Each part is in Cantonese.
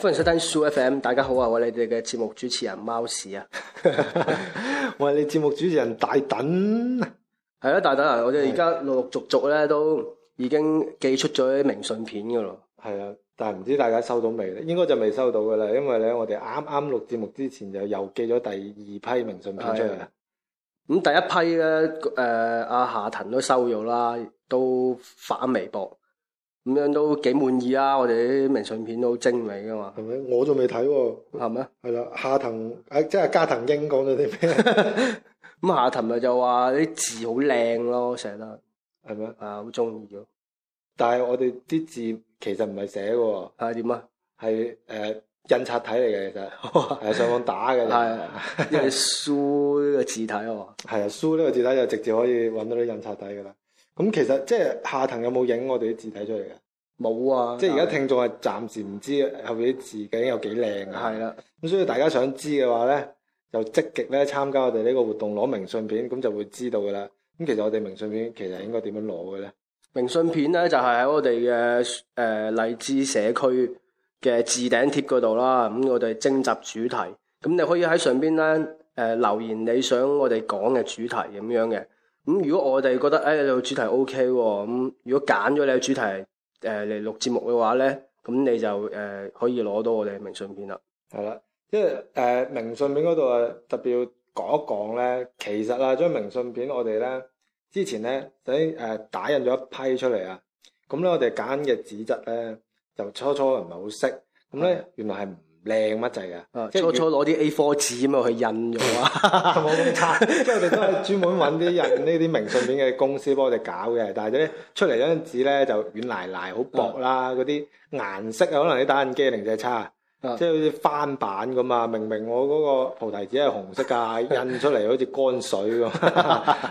歡迎收聽 Soo FM，大家好啊！我係你哋嘅節目主持人貓屎啊， 我係你節目主持人大等！係啦、啊、大等啊！我哋而家陸陸續續咧都已經寄出咗啲明信片噶啦，係啊！但係唔知大家收到未咧？應該就未收到噶啦，因為咧我哋啱啱錄節目之前就又寄咗第二批明信片出嚟。咁第一批咧，誒阿夏藤都收咗啦，都發微博，咁樣都幾滿意啊。我哋啲明信片都好精美噶嘛，係咪？我仲未睇喎，係咪？係啦，夏藤誒、啊，即係加藤英講咗啲咩？咁 夏藤咪就話啲字好靚咯，寫得係咪？啊，好中意咯。但係我哋啲字其實唔係寫嘅喎，係點啊？係誒、啊。是呃印刷體嚟嘅，其實係 上網打嘅，係 因為書呢個字體喎，嘛，係啊，書呢個字體就直接可以搵到啲印刷體噶啦。咁其實即係夏騰有冇影我哋啲字體出嚟嘅？冇啊，即係而家聽眾係暫時唔知後邊啲字究竟有幾靚啊。係啦，咁所以大家想知嘅話咧，就積極咧參加我哋呢個活動，攞明信片咁就會知道噶啦。咁其實我哋明信片其實應該點樣攞嘅咧？明信片咧就係喺我哋嘅誒荔枝社區。嘅置頂貼嗰度啦，咁我哋徵集主題，咁你可以喺上邊咧，誒、呃、留言你想我哋講嘅主題咁樣嘅，咁如果我哋覺得誒你個、哎、主題 O K 喎，咁如果揀咗你嘅主題，誒嚟錄節目嘅話咧，咁你就誒、呃、可以攞到我哋嘅明信片啦。係啦，因為誒、呃、明信片嗰度啊，特別要講一講咧，其實啊，張明信片我哋咧之前咧喺誒打印咗一批出嚟啊，咁咧我哋揀嘅紙質咧。就初初唔係好識，咁咧原來係唔靚乜滯嘅，嗯、即係初初攞啲 A4 紙咁樣去印嘅話，冇 咁麼差。即 係我哋都係專門揾啲印呢啲明信片嘅公司幫我哋搞嘅，但係呢，出嚟張紙咧就軟賴賴，好薄啦，嗰啲顏色啊，可能啲打印機嘅零件差。即係好似翻版咁啊！明明我嗰個菩提子係紅色㗎，印出嚟好似乾水咁。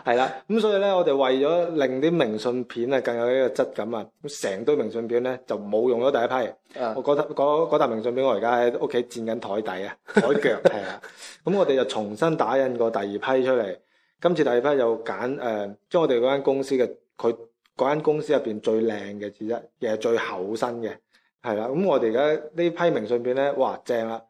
係 啦，咁所以咧，我哋為咗令啲明信片啊更有呢個質感啊，咁成堆明信片咧就冇用咗第一批。 我嗰沓嗰嗰沓明信片我在在， 我而家喺屋企佔緊台底啊，台腳係啦。咁我哋就重新打印過第二批出嚟。今次第二批又揀誒，將我哋嗰間公司嘅佢嗰間公司入面最靚嘅紙質，亦係最厚身嘅。係啦，咁我哋而家呢批明信片咧，哇，正啦！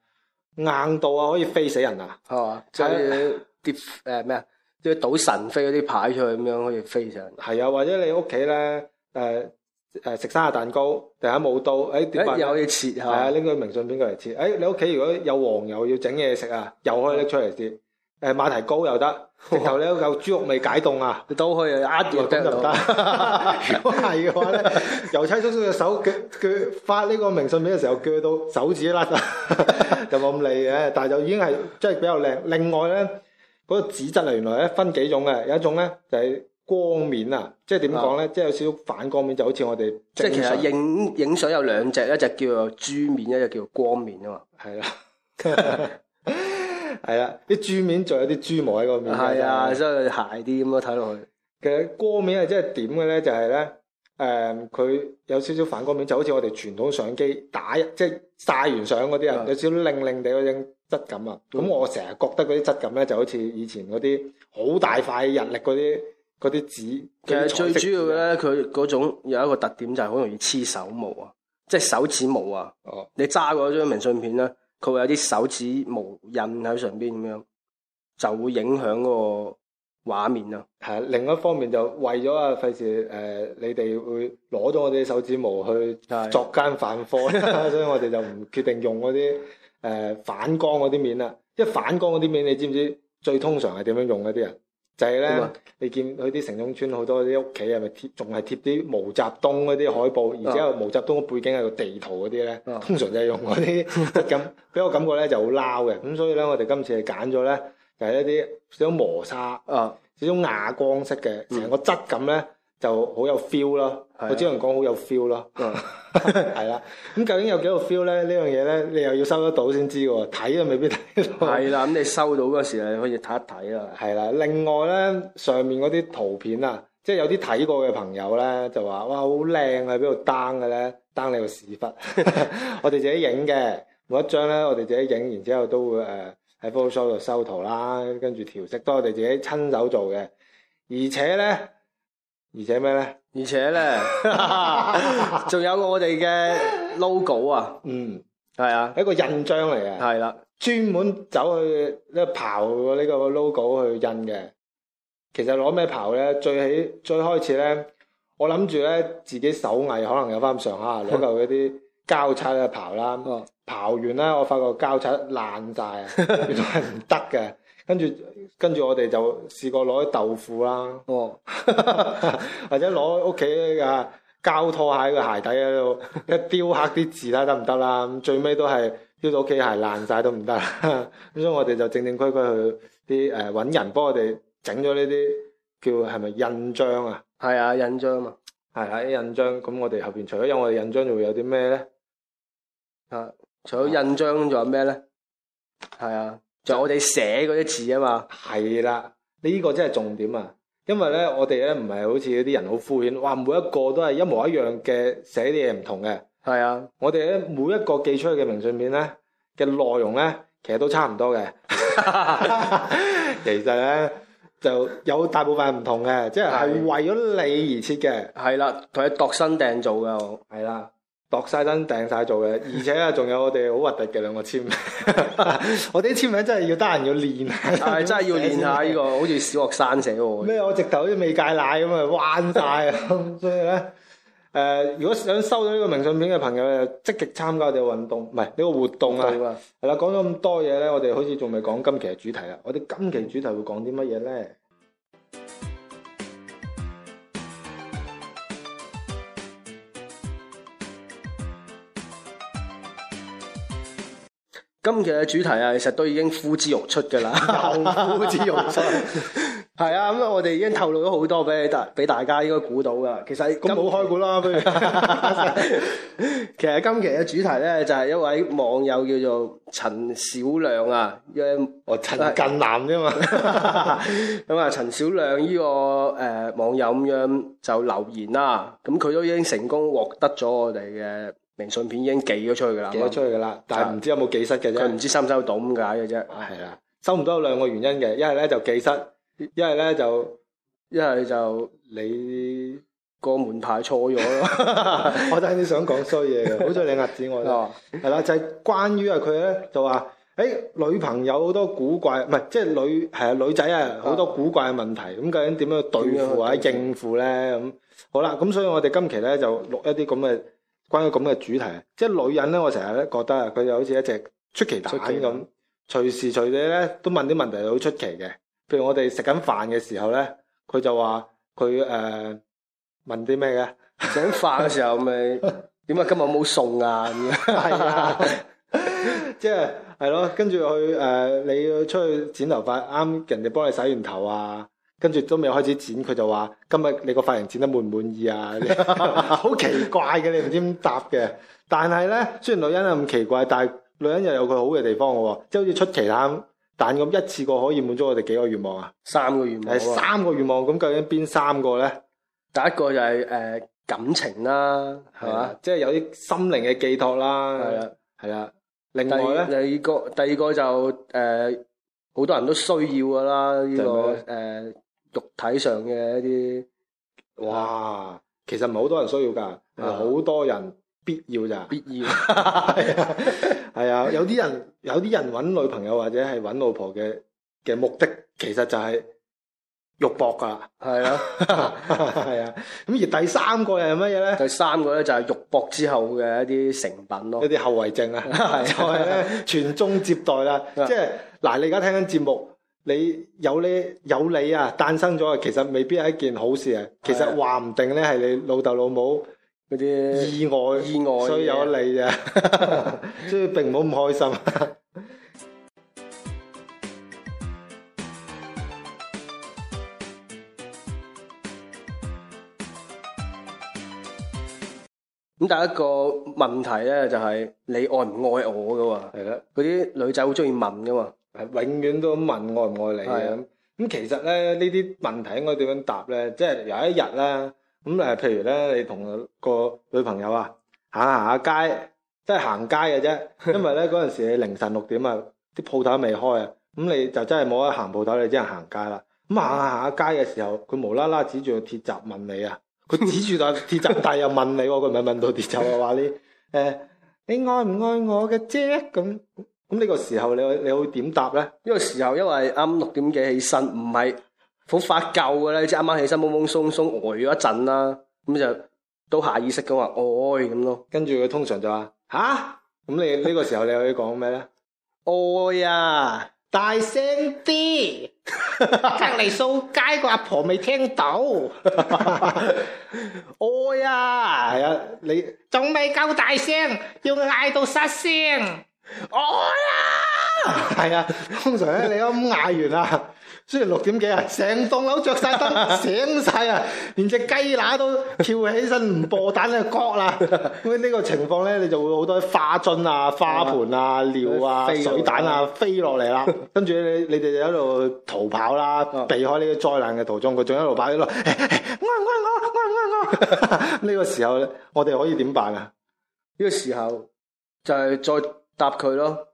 啊，硬度啊，可以飛死人啊，係嘛，即係要跌誒咩啊，即係賭神飛嗰啲牌出去咁樣可以飛死人啊。係啊，或者你屋企咧，誒、呃、誒食生日蛋糕，突然間冇刀，誒、哎、點又可以切係啊，拎個明信片過嚟切。誒、哎，你屋企如果有黃油要整嘢食啊，又可以拎出嚟切。誒、嗯呃，馬蹄糕又得。直頭咧，有嚿豬肉未解凍啊！都可以壓住叮就得。 如果係嘅話咧， 郵差叔叔嘅手佢佢發呢個明信片嘅時候，鋸到手指甩啊， 就冇咁利嘅。但係就已經係即係比較靚。另外咧，嗰、嗰個紙質啊，原來咧分幾種嘅。有一種咧就係、是、光面啊、嗯，即係點講咧，即係有少少反光面，就好似我哋即係其實影影相有兩隻咧，就叫做珠面，一隻叫光面啊嘛。係啦。係啦，啲珠面仲有啲珠毛喺個面，係啊，所以鞋啲咁咯睇落去。其實光面係真係點嘅咧，就係、是、咧，誒、呃，佢有少少反光面，就好似我哋傳統相機打即係晒完相嗰啲啊，有少少擰擰地嗰種質感啊。咁、嗯、我成日覺得嗰啲質感咧，就好似以前嗰啲好大塊日曆嗰啲嗰啲紙。其實最主要嘅咧，佢嗰種有一個特點就係好容易黐手毛啊，即係手指毛啊。哦，你揸嗰張明信片咧。佢會有啲手指模印喺上邊咁樣，就會影響個畫面啊。係另一方面就為咗啊，費事、呃、你哋會攞咗我哋啲手指模去作奸犯科， 所以我哋就唔決定用嗰啲誒反光嗰啲面啦。因為反光嗰啲面你知唔知最通常係點樣用嗰啲人？就係、是、咧，你見佢啲城中村好多啲屋企係咪貼仲係貼啲毛澤東嗰啲海報，而且有毛澤東嘅背景係個地圖嗰啲咧，通常就係用嗰啲咁，俾 我感覺咧就好撈嘅。咁所以咧，我哋今次係揀咗咧，就係一啲少磨砂，少種啞光色嘅，成個質感咧就好有 feel 咯、嗯。我只能講好有 feel 咯。 係 啦，咁究竟有幾個 feel 咧？呢樣嘢咧，你又要收得到先知嘅喎，睇都未必睇到。係 啦，咁你收到嗰時啊，你可以睇一睇啦。係 啦，另外咧，上面嗰啲圖片啊，即係有啲睇過嘅朋友咧，就話哇好靚啊，喺邊度 down 嘅咧 down 你個屎忽， 我哋自己影嘅，每一張咧，我哋自己影完之後都會誒喺、呃、Photoshop 度修圖啦，跟住調色，都係我哋自己親手做嘅，而且咧。而且咩咧？而且咧，仲 有我哋嘅 logo 啊！嗯，係啊，一個印章嚟嘅。係啦，專門走去呢刨呢個 logo 去印嘅。其實攞咩刨咧？最起最開始咧，我諗住咧自己手藝可能有翻上下，攞嚿嗰啲膠擦去刨啦。刨完呢，我發覺膠擦爛晒啊，原來係唔得嘅。跟住，跟住我哋就試過攞啲豆腐啦、哦， 或者攞屋企啊膠拖鞋嘅鞋底度一雕刻啲字啦，得唔得啦？最尾都係雕到屋企鞋爛晒都唔得。咁所以我哋就正正規規去啲誒揾人幫我哋整咗呢啲叫係咪印章啊？係啊，印章嘛。係啊，印章。咁我哋後面除咗有我哋印章，仲會有啲咩咧？啊，除咗印章仲有咩咧？係啊。就我哋寫嗰啲字啊嘛，係啦，呢個真係重點啊！因為咧，我哋咧唔係好似啲人好敷衍，話每一個都係一模一樣嘅，寫啲嘢唔同嘅，係啊！我哋咧每一個寄出去嘅明信片咧嘅內容咧，其實都差唔多嘅， 其實咧就有大部分唔同嘅，即係係為咗你而設嘅，係啦，同你度身訂造喎，係啦。度晒燈訂晒做嘅，而且啊，仲有我哋好核突嘅兩個簽名， 我啲簽名真係要得閒要練啊，但係真係要練一下呢、呢個，好 似小學生寫喎。咩？我直頭好似未戒奶咁啊，彎晒， 所以咧，誒、呃，如果想收到呢個明信片嘅朋友，就積極參加我哋運動，唔係呢個活動啊，係啦，講咗咁多嘢咧，我哋好似仲未講今期嘅主題啊，我哋今期主題會講啲乜嘢咧？今期嘅主題啊，其實都已經呼之欲出噶啦， 呼之欲出。係啊，咁啊，我哋已經透露咗好多俾大俾大家應該估到噶。其實咁冇開估啦。不如。其實今期嘅 主題咧，就係一位網友叫做陳小亮啊，因我陳近南啫嘛。咁啊，陳小亮呢個誒網友咁樣就留言啦、啊。咁佢都已經成功獲得咗我哋嘅。明信片已經寄咗出去噶啦，寄咗出去噶啦，但係唔知有冇寄失嘅啫。佢唔知收唔收到咁解嘅啫。啊，係啦，收唔到有兩個原因嘅，一係咧就寄失，一係咧就一係就你個門牌錯咗咯。我真係想講衰嘢嘅，好彩你壓住我。係啦，就係關於啊，佢咧就話，誒女朋友好多古怪，唔係即係女係啊女仔啊好多古怪嘅問題，咁究竟點樣對付或者應付咧？咁好啦，咁所以我哋今期咧就錄一啲咁嘅。關於咁嘅主題，即係女人咧，我成日咧覺得啊，佢就好似一隻出奇蛋咁，隨時隨地咧都問啲問題好出奇嘅。譬如我哋食緊飯嘅時候咧，佢就話佢誒問啲咩嘅？食緊飯嘅時候咪點解今日冇餸啊！ 是啊 即係係咯，跟住佢誒你要出去剪頭髮，啱人哋幫你洗完頭啊！跟住都未開始剪，佢就話：今日你個髮型剪得滿唔滿意啊？好 奇怪嘅，你唔知點答嘅。但係呢，雖然女人係咁奇怪，但係女人又有佢好嘅地方喎，即係好似出奇蛋蛋咁，一次過可以滿足我哋幾個願望啊！三個願望、啊，三個願望，啊、望。咁究竟邊三個呢？第一個就係、是、誒、呃、感情啦、啊，嘛、啊？即係有啲心靈嘅寄託啦，係啦、啊啊。另外呢，第二個第二個就誒好、呃、多人都需要㗎啦，呢個誒。呃肉體上嘅一啲，哇，其實唔係好多人需要噶，好多人必要咋，必要係啊， 有啲人有啲人揾女朋友或者係揾老婆嘅嘅目的，其實就係肉搏噶，係啊，係 啊，咁而第三個又係乜嘢咧？第三個咧就係肉搏之後嘅一啲成品咯，一啲後遺症啊，就係咧，傳 宗接代啦，即係嗱，你而家聽緊節目。你有呢有你啊誕生咗啊，其實未必係一件好事啊。其實話唔定咧，係你老豆老母嗰啲意外意外，所以有你啊， 所以並唔好咁開心，啊 嗯。咁第一個問題咧，就係、是、你愛唔愛我噶？係啦，嗰啲女仔好中意問噶嘛。永遠都問愛唔愛你咁咁，其實咧呢啲問題應該點樣答咧？即係有一日啦，咁誒，譬如咧，你同個女朋友啊行行下街，即係行街嘅啫。因為咧嗰陣時你凌晨六點啊，啲鋪頭未開啊，咁你就真係冇得行鋪頭，你只係行街啦。咁行行下街嘅時候，佢無啦啦指住個鐵閘問你啊，佢指住個鐵閘， 但又問你，佢咪問到鐵閘啊？話你、呃、你愛唔愛我嘅啫咁。咁、這、呢個時候你你會點答咧？呢、這個時候因為啱六點幾起身，唔係好瞓夠嘅咧，即係啱啱起身懵懵鬆鬆呆咗一陣啦，咁就都下意識咁話愛咁咯。跟住佢通常就話吓，咁、啊、你呢、這個時候你可以講咩咧？愛、 哎、呀，大聲啲，隔籬掃街個阿婆未聽到，哦、 哎、呀，係啊，你仲未夠大聲，要嗌到失聲。我、哎、呀，係啊，通常咧，你咁嗌完啊，雖然六點幾啊，成棟樓着晒燈，醒晒啊，連隻雞乸都跳起身唔播蛋嘅角啦！咁呢 個情況咧，你就會好多花樽啊、花盆啊、啊尿啊、水彈啊飛落嚟啦。跟住你你哋就喺度逃跑啦、哦，避開呢個災難嘅途中，佢仲一路跑喺度。我我我。呢、哎哎哎哎哎哎哎、 個時候咧，我哋可以點辦啊？呢 個時候就係再。答佢咯，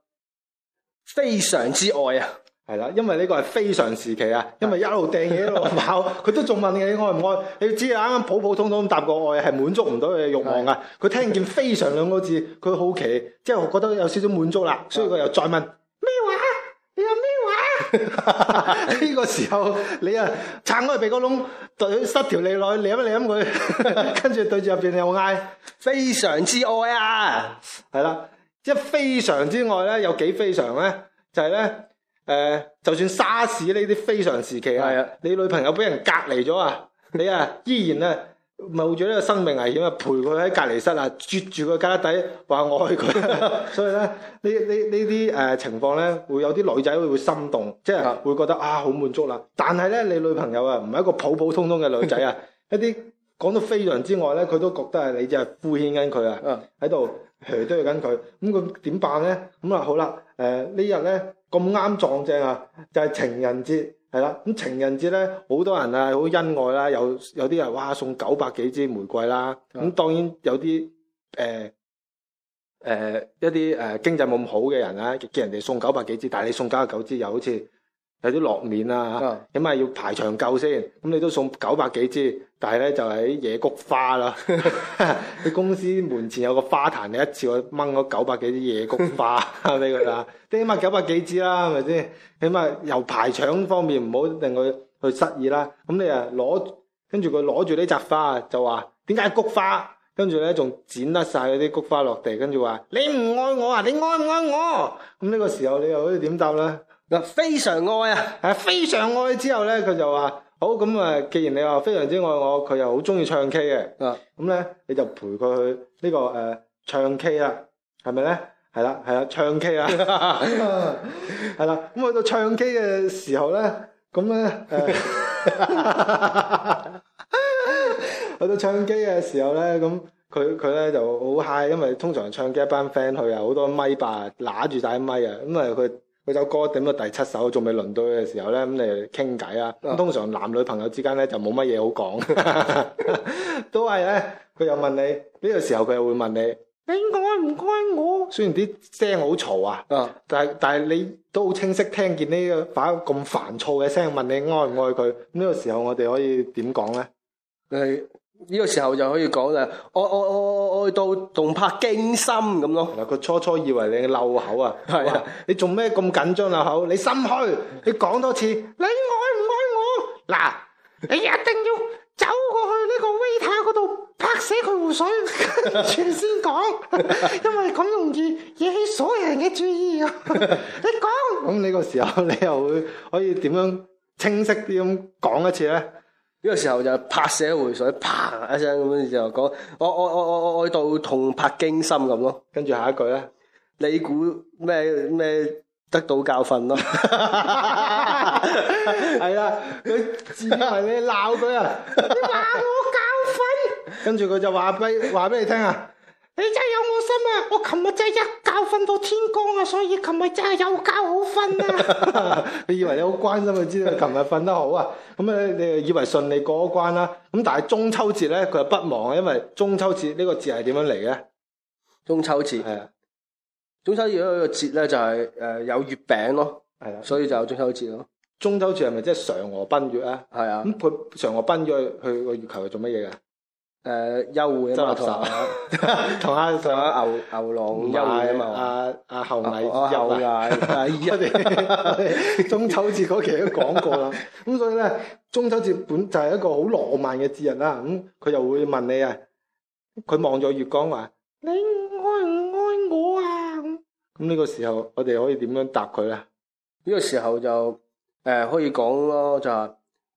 非常之愛啊，係啦，因為呢個係非常時期啊，因為一路掟嘢一路跑，佢 都仲問你愛唔愛，你只係啱啱普普通通答個愛係滿足唔到佢嘅欲望啊，佢聽見非常兩個字，佢好奇，即係覺得有少少滿足啦，所以佢又再問咩 話？你話咩話？呢 個時候你啊撐開鼻哥窿 對塞條脷落舐一舐佢，跟住對住入邊又嗌非常之愛啊，係啦。即非常之愛咧，有幾非常咧？就係、是、咧，誒、呃，就算沙士呢啲非常時期啊，你女朋友俾人隔離咗啊，你啊依然咧、啊、冒住呢個生命危險啊，陪佢喺隔離室啊，啜住個家底話愛佢， 所以咧呢你你你呢呢啲情況咧，會有啲女仔會心動， 即係會覺得啊好滿足啦。但係咧，你女朋友啊唔係一個普普通通嘅女仔啊， 一啲講到非常之愛咧，佢都覺得係你只係敷衍緊佢啊，喺 度。都要跟佢，咁佢點辦咧？咁啊好啦，誒、呃、呢日咧咁啱撞正啊，就係、是、情人節，係啦，咁情人節咧好多人啊，好恩愛啦，有有啲人哇送九百幾支玫瑰啦，咁當然有啲誒誒一啲誒、呃、經濟冇咁好嘅人啊，見人哋送九百幾支，但係你送九十九支又好似。有啲落面啊，起、uh-huh. 碼要排場夠先。咁你都送九百幾支，但係咧就係、是、啲野菊花啦。 你公司門前有個花壇，你一次去掹咗九百幾支野菊花俾佢 啦，即起碼九百幾支啦，係咪先？起碼由排場方面唔好令佢去失意啦。咁你啊攞跟住佢攞住呢紮花就，就話點解菊花？跟住咧仲剪得晒嗰啲菊花落地，跟住話你唔愛我啊？你愛唔愛我？咁呢個時候你又可以點答咧？非常愛啊，啊，非常愛之後咧，佢就話好咁啊，既然你話非常之愛我，佢又好中意唱 K 嘅，咁、uh. 咧你就陪佢去呢、呢個誒唱 K 啦，係咪咧？係啦係啦，唱 K 啊，係啦、啊。咁、 啊、去到唱 K 嘅時候咧，咁咧、呃、 去到唱 K 嘅時候咧，咁佢佢咧就好嗨！因為通常唱 K 一班 friend 去啊，好多咪霸拿住大咪啊，咁啊佢。佢首歌頂到第七首，仲未輪到嘅時候呢，咁你傾偈啊。通常男女朋友之間呢，就冇乜嘢好講，都係呢，佢又問你呢個時候，佢又會問你：你愛唔愛我？雖然啲聲好嘈啊，但，但係但係你都好清晰聽見呢個把咁煩躁嘅聲問你愛唔愛佢。呢個時候我哋可以點講呢？你。呢個時候就可以講啦，我我我我愛到動魄驚心咁咯。嗱，佢初初以為你漏口啊，係啊，你做咩咁緊張漏口？你心虛，你講多次，你愛唔愛我？嗱，你一定要走過去呢個 waiter 嗰度，拍死佢湖水，全先講， 因為咁容易惹起所有人嘅注意啊！ 你講。咁呢個時候你又會可以點樣清晰啲咁講一次咧？呢、這個時候就拍寫回水，啪一聲咁樣就講我愛愛愛愛到痛魄驚心咁咯，跟住下一句咧，你估咩咩得到教訓咯、啊？ 係啦，佢自以為你鬧佢啊，你鬧我教訓，跟住佢就話俾話俾你聽啊。你真係有我心啊！我琴日真係一覺瞓到天光啊，所以琴日真係有覺好瞓啊 佢以為你好關心啊，知道琴日瞓得好啊，咁你以為順利過關啦、啊？咁但係中秋節咧，佢又不忘啊，因為中秋節呢個節係點樣嚟嘅？中秋節係啊，中秋節呢個節咧就係誒有月餅咯，係、啊、所以就有中秋節咯。中秋節係咪即係嫦娥奔月啊？係啊，咁佢嫦娥奔月，去個月球係做乜嘢嘅？誒、呃，幽嘅蜜糖，同下同下牛牛郎、啊、幽嘛阿阿牛尾、幽啊，啊我哋中秋節嗰期都講過啦。咁所以咧，中秋節本就係一個好浪漫嘅節日啦。咁、嗯、佢又會問你啊，佢望咗月光話、啊：你不愛唔愛我啊？咁呢個時候，我哋可以點樣答佢咧？呢這個時候就誒、呃，可以講咯，就係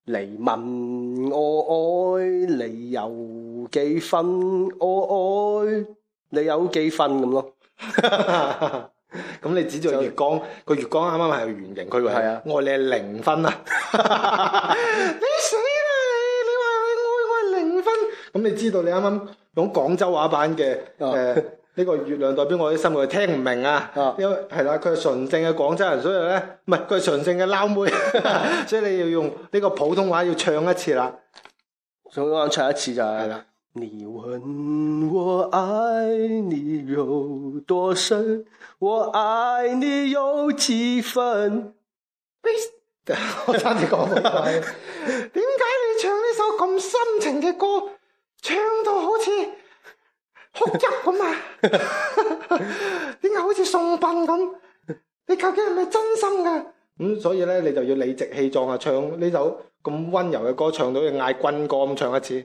你問我愛你又？幾分我愛、哦哎，你有幾分咁咯？咁 你指住月光，個月光啱啱係圓形，佢話係啊，愛你係零分啊！ 你死啦你！你話你愛我係零分？咁你知道你啱啱用廣州話版嘅誒呢個月亮代表我嘅心，佢聽唔明啊？因為係啦，佢係純正嘅廣州人，所以咧唔係佢係純正嘅撈妹， 所以你要用呢個普通話要唱一次啦，再唱一次就係、是。你問我愛你有多深，我愛你有幾分。我差點說，我差啲講，點解你唱呢首咁深情嘅歌唱，唱 到 好似哭泣咁啊？點解好似送殯咁？你究竟係咪真心噶？咁 嗯、所以咧，你就要理直氣壯啊！唱呢首咁溫柔嘅歌，唱到要嗌軍歌咁唱一次。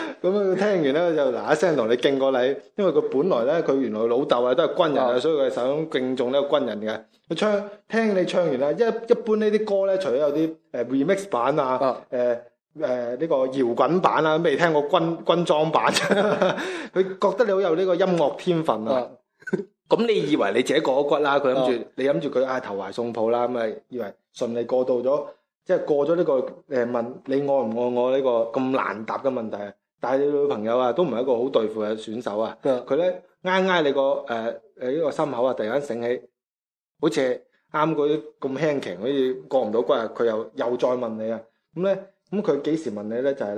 咁佢聽完咧就嗱嗱聲同你敬個禮，因為佢本來咧佢原來老豆啊都係軍人啊，所以佢想敬重呢個軍人嘅。佢唱聽你唱完咧，一一般呢啲歌咧，除咗有啲 remix 版啊，誒誒呢個搖滾版啦、啊，未聽過軍軍裝版、啊。佢、啊、 覺得你好有呢個音樂天分啊。咁、啊 嗯、你以為你自己過咗骨啦？佢諗住你諗住佢啊投懷送抱啦，咁咪以為順利過渡咗，即、就、係、是、過咗呢、這個誒、呃、問你愛唔愛我呢個咁難答嘅問題、啊。但你女朋友啊，都唔係一個好對付嘅選手啊。佢咧，啱啱你個誒誒呢個心口啊，突然間醒起，好似啱嗰啲咁輕頸，好似過唔到骨啊。佢又又再問你啊。咁咧咁佢幾時問你咧？就係、是、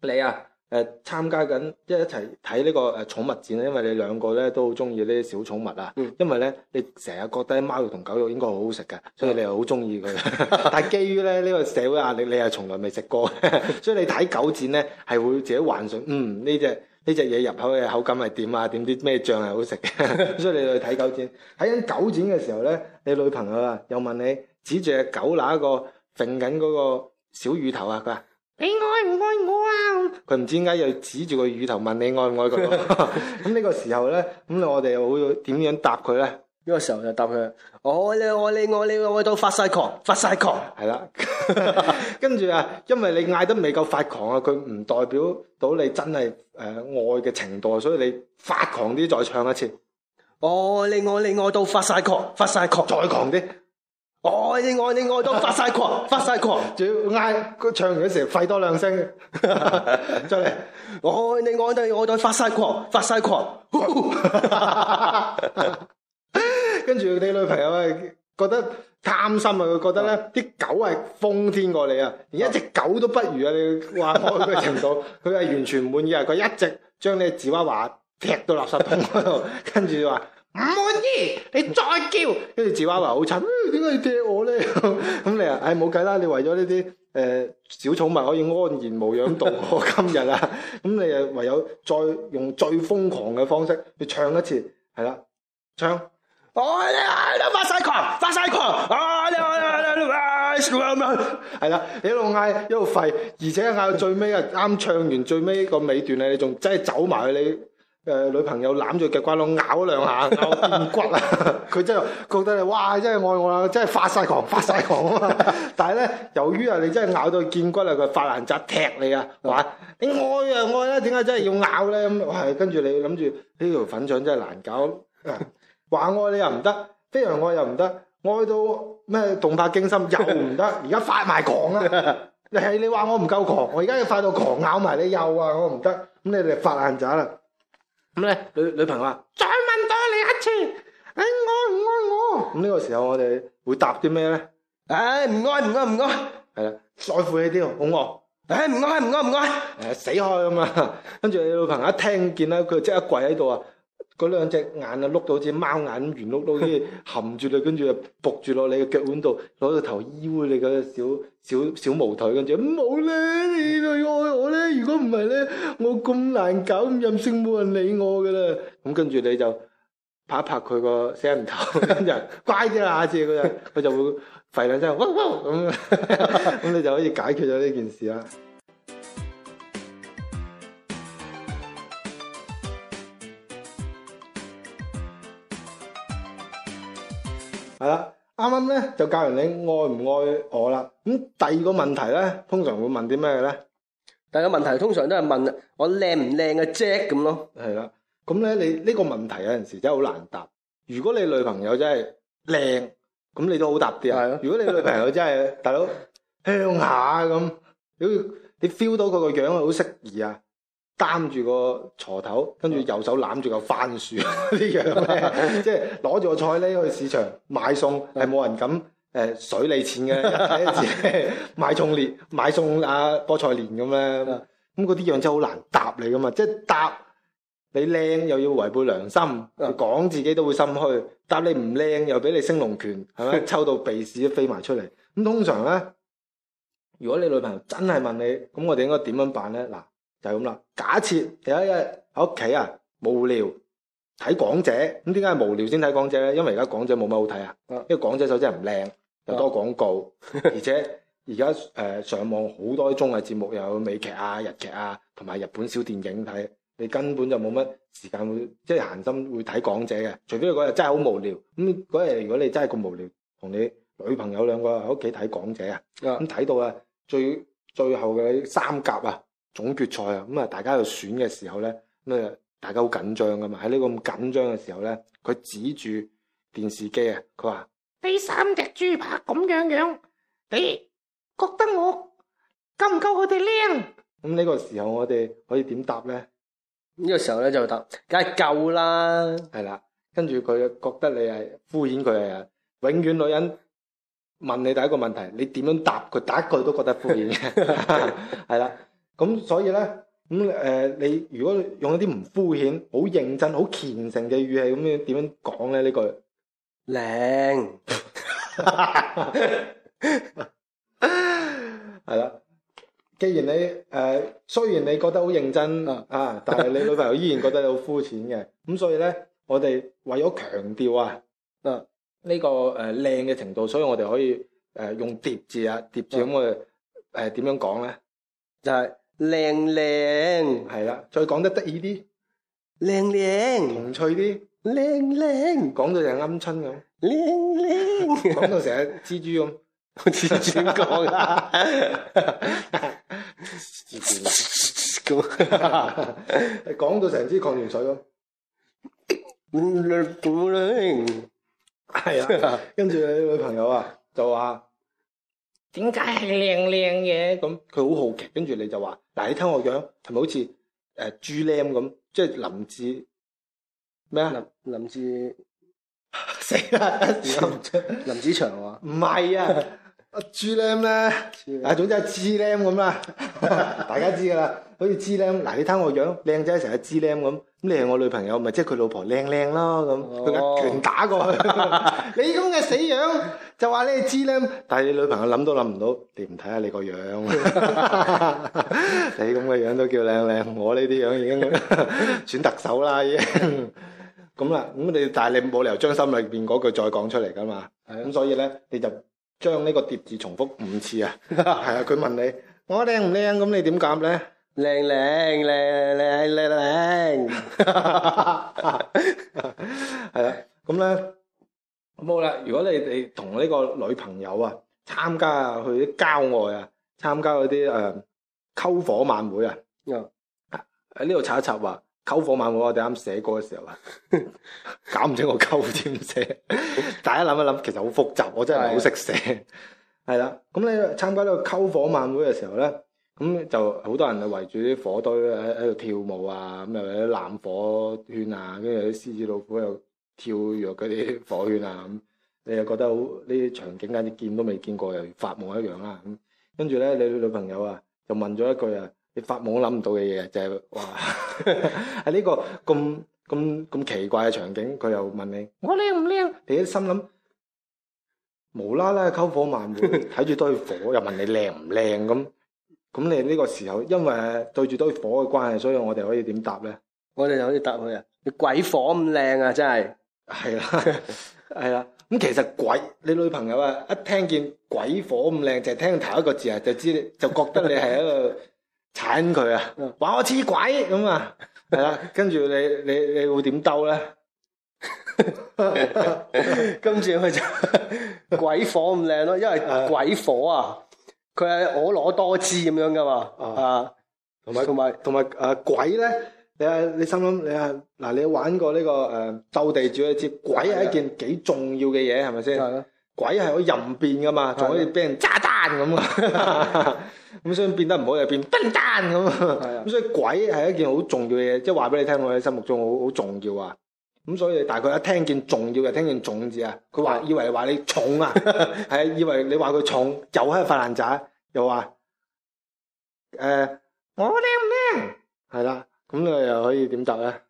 咧你啊。誒、呃，參加緊一一齊睇呢個誒寵物展啊，因為你兩個咧都好中意呢啲小寵物啊。嗯。因為咧，你成日覺得貓肉同狗肉應該好好食噶，所以你又好中意佢。但係基於咧呢 個社會壓力，你又從來未食過，所以你睇狗展咧係會自己幻想，嗯，呢隻呢隻嘢入口嘅口感係點啊？點知咩醬係好食嘅？所以你去睇狗展。睇緊狗展嘅時候咧，你女朋友啊又問你，指住隻狗乸個揈緊嗰個小乳頭啊，佢話。你愛唔愛我啊？佢唔知點解又指住個乳頭問你愛唔愛佢？咁呢個時候咧，咁我哋又會點樣答佢咧？呢個時候就答佢：我愛你，我愛你，我愛你，我愛到發晒狂，發晒狂，係啦。跟住啊，因為你嗌得未夠發狂啊，佢唔代表到你真係誒愛嘅程度，所以你發狂啲再唱一次。我愛你，我愛你，我愛到發晒狂，發晒狂，再狂啲。愛你，愛你，愛到發晒狂，發晒狂，狂，仲要嗌佢唱完時吠多兩聲。 再嚟，愛你，愛你，愛到發晒狂，發晒狂。跟 住 你女朋友啊，覺得貪心啊，佢覺得咧啲狗係瘋天過你啊，連 一隻狗都不如啊！你話，我個程度，佢係完全唔滿意啊！佢一直將你紙娃娃踢到垃圾桶嗰度，跟住話。唔滿意，你再叫，跟住自娃話好親，點解 你掟我咧？咁你啊，唉冇計啦，你為咗呢啲誒小寵物可以安然無恙度過今日啊，咁 你啊唯有再用最瘋狂嘅方式去唱一次，係啦，唱，哦，你嗌啦，發晒狂，發晒狂，哦，你嗌啦，你係你嗌啦，係啦，你一路嗌一路吠，而且嗌到最尾啊，啱 唱完最尾個尾段咧，你仲真係走埋去你。誒、呃、女朋友攬住腳瓜攞咬咗兩下咬見骨啦，佢 真係覺得你哇真係愛我啦，真係發晒狂發晒狂 啊！但係咧，由於啊你真係咬到見骨啊，佢發爛渣踢你啊！ 你愛啊愛啦、啊，點解真係要咬咧？咁跟住你諗住呢條粉腸真係難搞，話 愛你又唔得，非常愛又唔得，愛到咩動魄驚心又唔得，而 家發埋狂啦！係 你話我唔夠狂，我而家要發到狂咬埋你又啊，我唔得咁你哋發爛渣啦！咁咧，女女朋友話：再問多你一次，你愛唔愛我？咁呢個時候我哋會答啲咩咧？唉、哎，唔愛，唔愛，唔愛，係啦，再晦氣啲，好餓。唉、哎，唔愛，唔愛，唔愛、哎，死開咁啊！跟 住你女朋友一聽見咧，佢即刻跪喺度啊！嗰兩隻眼啊，碌到好似貓眼咁圓碌碌，跟住含住你，跟住撲住落你嘅腳腕度，攞個頭依偎你隻小小小毛腿，跟住冇咧，你愛我咧？如果唔係咧，我咁難搞，任性冇人理我㗎啦。咁跟住你就拍一拍佢個死人頭，跟住乖啲啦，阿姐佢就佢就會吠兩聲，咁咁你就可以解決咗呢件事啦。啱啱咧就教完你愛唔愛我啦，咁第二個問題咧通常會問啲咩咧？第二個問題通常都係問我靚唔靚嘅啫咁咯。係啦，咁咧你呢個問題有陣時真係好難答。如果你女朋友真係靚，咁你都好答啲啊。如果你女朋友真係大佬鄉下咁，你你 feel 到佢個樣好適宜啊。擔住個鋤頭，跟住右手攬住個番薯，啲樣即係攞住個菜呢去市場買餸，係冇人敢誒、呃、水你錢嘅，買餸連買餸啊菠菜連咁樣，咁嗰啲樣真好難答你噶嘛，即係答你靚又要違背良心，講自己都會心虛，答你唔靚又俾你升龍拳，係咪抽到鼻屎都飛埋出嚟？咁通常呢，如果你女朋友真係問你，咁我哋應該點樣辦呢？嗱。就係咁啦。假設有一日喺屋企啊，無聊睇港姐，咁點解無聊先睇港姐咧？因為而家港姐冇乜好睇啊，因為港姐首先係唔靚，又、啊、多廣告，啊、 而且而家、呃、上網好多綜藝節目，又有美劇啊、日劇啊，同埋日本小電影睇，你根本就冇乜時間會即係、就是、閒心會睇港姐嘅。除非嗰日真係好無聊，咁嗰日如果你真係咁無聊，同你女朋友兩個喺屋企睇港姐啊，咁睇到啊最最後嘅三甲啊！總決賽啊，咁啊，大家喺度選嘅時候咧，咁啊，大家好緊張㗎嘛。喺呢個咁緊張嘅時候咧，佢指住電視機啊，佢話：第三隻豬扒咁樣樣，你覺得我夠唔夠佢哋靚？咁、這、呢個時候我哋可以點答咧？呢、這個時候咧就答：了「梗係夠啦，係啦。跟住佢覺得你係敷衍佢係啊，永遠女人問你第一個問題，你點樣答佢？第一句都覺得敷衍嘅，係 啦。 咁所以咧，咁、嗯、誒、呃、你如果用一啲唔敷衍、好認真、好虔誠嘅語氣，咁樣點樣講咧？呢句靚，係啦。 既然你誒、呃，雖然你覺得好認真啊，啊，但係你女朋友依然覺得你好膚淺嘅。咁 所以咧，我哋為咗強調啊，呢、這個誒靚嘅程度，所以我哋可以誒、呃、用疊字啊、疊字咁我哋點樣講咧，就係、是。靚靚係啦，再講得得意啲，靚靚有趣啲，靚靚講到成隻鵪鶉咁，靚靚講到成隻蜘蛛咁，我蜘蛛點講，講到成支礦泉水咁，靚姑娘係啊，跟住呢位朋友啊就話。點解係靚靚嘅？咁佢好好奇，跟住你就話：嗱，你睇我樣係咪好似誒豬靚咁？即係林志咩啊？林林志？死啦！林林志，林，林，林，林志祥唔係啊！阿豬靚咧，啊，總之係豬靚咁啦， 大家知噶啦。好似知靚，嗱，你睇我樣靚仔成日知靚咁，咁你係我女朋友咪即係佢老婆靚靚咯。咁，佢一拳打過去，你咁嘅死樣就話你係知靚，但係你女朋友諗都諗唔到，你唔睇下你個樣，你咁嘅樣都叫靚靚，我呢啲樣已經選特首啦，已經咁啦，咁你但係你冇理由將心裏邊嗰句再講出嚟噶嘛，咁所以咧你就將呢個疊字重複五次啊，係啊，佢問你我靚唔靚，咁你點揀咧？靚靚靚靚靚靚，係啦，咁咧 好啦。如果你哋同呢個女朋友啊，參加啊，去啲郊外啊，參加嗰啲誒篝火晚會啊，喺呢度插一插話，啊，篝火晚會我哋啱寫歌嘅時候啊， 搞唔清我篝點寫， 大家諗一諗，其實好複雜，我真係好識寫，係啦。咁 你參加呢個篝火晚會嘅時候咧？嗯咁就好多人就圍住啲火堆喺喺度跳舞啊，咁又喺啲攬火圈啊，跟住啲獅子老虎又跳躍嗰啲火圈啊，咁、嗯、你又覺得好呢啲場景，簡直見都未見過，又發夢一樣啦、啊。咁跟住咧，你女朋友啊就問咗一句啊，你發夢諗唔到嘅嘢，就係話喺呢個咁咁咁奇怪嘅場景，佢又問你我靚唔靚？你一心諗無啦啦篝火晚會，睇住堆火又問你靚唔靚咁。咁你呢個時候，因為對住堆火嘅關係，所以我哋可以點答咧？我哋就可以答佢啊！你鬼火咁靚啊，真係係啦，係啦。咁其實鬼你女朋友啊，一聽見鬼火咁靚，淨係聽頭一個字啊，就知就覺得你係一個鏟佢啊，話我似鬼咁啊，係啦。跟住你你你會點兜咧？跟住佢就鬼火咁靚咯，因為鬼火啊。佢係我攞多支咁樣噶嘛，啊，同埋同埋同埋誒鬼咧，你啊你心諗你啊嗱，你玩過呢個誒鬥、呃、地主就知鬼係一件幾重要嘅嘢，係咪先？鬼係可以任變噶嘛，仲可以俾人炸彈咁啊，咁所以變得唔好又變笨蛋咁啊，咁所以鬼係一件好重要嘅嘢，即係話俾你聽，我喺心目中好好重要啊。咁所以，大概一聽見重要嘅聽見重字啊，佢話以為話你，你重啊，係 以為你話佢重，又喺發爛渣，又話誒、呃，我靚唔靚？係啦，咁你又可以點答咧？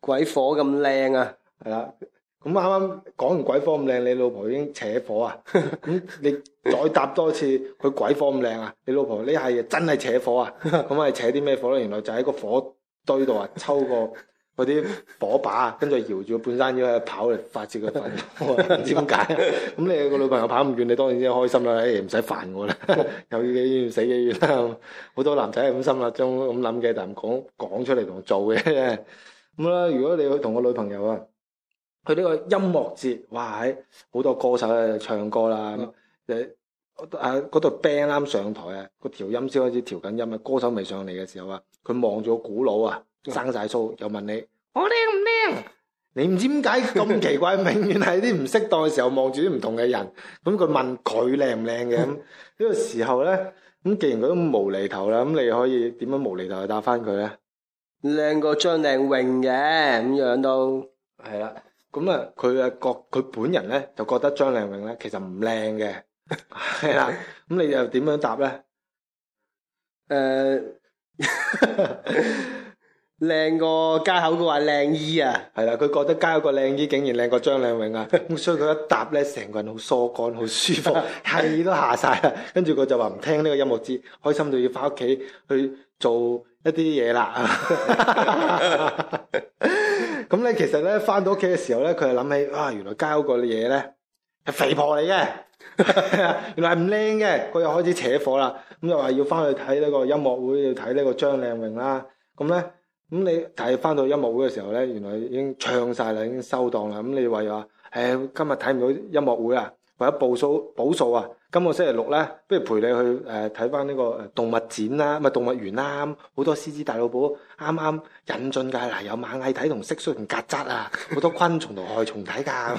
鬼火咁靚啊，係啦，咁啱啱講完鬼火咁靚，你老婆已經扯火啊，咁、 嗯、你再答多一次，佢鬼火咁靚啊，你老婆呢係真係扯火啊？咁 係扯啲咩火咧？原來就喺個火堆度啊，抽個。 嗰啲火把，跟住搖住半山腰跑嚟發泄個憤，唔知點解。咁 你個女朋友跑咁遠，你當然先開心啦。誒、哎，唔使煩我啦， 有幾遠死幾遠啦。好 多男仔係咁心啦，咁諗嘅，但唔講講出嚟同做嘅。咁 啦，如果你去同個女朋友啊，去呢個音樂節，哇！喺好多歌手啊唱歌啦，誒， 啊嗰度 band 啱上台啊，個調音先開始調緊音啊，歌手未上嚟嘅時候啊，佢望住個鼓佬啊。生曬數，又問你我靚唔靚？你唔知點解咁奇怪，永遠係啲唔適當嘅時候望住啲唔同嘅人。咁佢問佢靚唔靚嘅，呢個時候咧，咁既然佢都無厘頭啦，咁你可以點樣無厘頭去答翻佢咧？靚過張靚穎嘅咁樣都係啦。咁啊，佢啊覺佢本人咧就覺得張靚穎咧其實唔靚嘅，係啦。咁你又點樣答咧？誒。靚個街口佢話靚衣啊，係啦，佢覺得街口個靚衣竟然靚過張靚穎啊，咁所以佢一搭咧，成個人好疏干，好舒服，氣 都下晒啦。跟住佢就話唔聽呢個音樂節，開心到要翻屋企去做一啲嘢啦。咁咧，其實咧翻到屋企嘅時候咧，佢就諗起，啊，原來街口個嘢咧係肥婆嚟嘅。 原來係唔靚嘅，佢又開始扯火啦。咁又話要翻去睇呢個音樂會，要睇呢個張靚穎啦。咁咧。咁你睇翻到音樂會嘅時候咧，原來已經唱晒啦，已經收檔啦。咁你又話，誒、哎，今日睇唔到音樂會啊，為咗補數補數啊！今個星期六咧，不如陪你去誒睇翻呢個動物展啦，唔係動物園啦，好多獅子、大老虎，啱啱引進㗎嗱、啊，有螞蟻睇同蟋蟀同曱甴啊，好多昆蟲同害蟲睇㗎，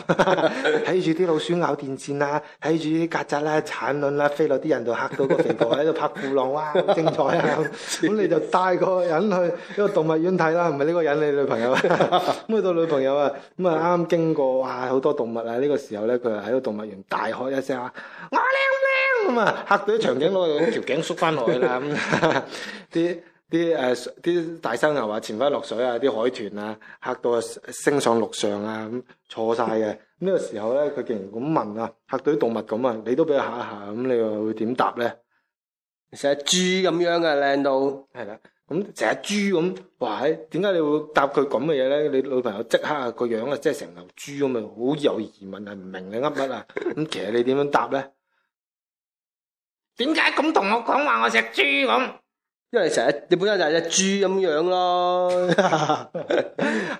睇住啲老鼠咬電線啦、啊，睇住啲曱甴啦、產卵啦飛落啲人度嚇到個地圖喺度拍鼓浪、啊，哇，好精彩啊！咁 你就帶個人去呢個動物園睇啦，唔係呢個人你女朋友，咁去到女朋友啊，咁 啊啱啱經過，好多動物啊！呢、呢個時候咧，佢喺個動物園大開一聲：我咧！咁啊，嚇到啲長頸鹿攞條頸縮翻落去啦！啲啲誒啲大生牛話潛翻落水啊！啲海豚啊嚇到升上陸上啊咁錯晒嘅。呢 個時候咧，佢竟然咁問啊，嚇到啲動物咁啊，你都俾佢嚇下，咁，你又會點答咧？成隻豬咁樣嘅靚到，係啦，咁成隻豬咁，哇！點解你會答佢咁嘅嘢咧？你女朋友即刻個樣啊，即係成頭豬咁啊，好有疑問啊，唔明你噏乜啊？咁其實你點樣答咧？點解咁同我講話我隻豬咁？因為成日你本身就係隻豬咁樣咯，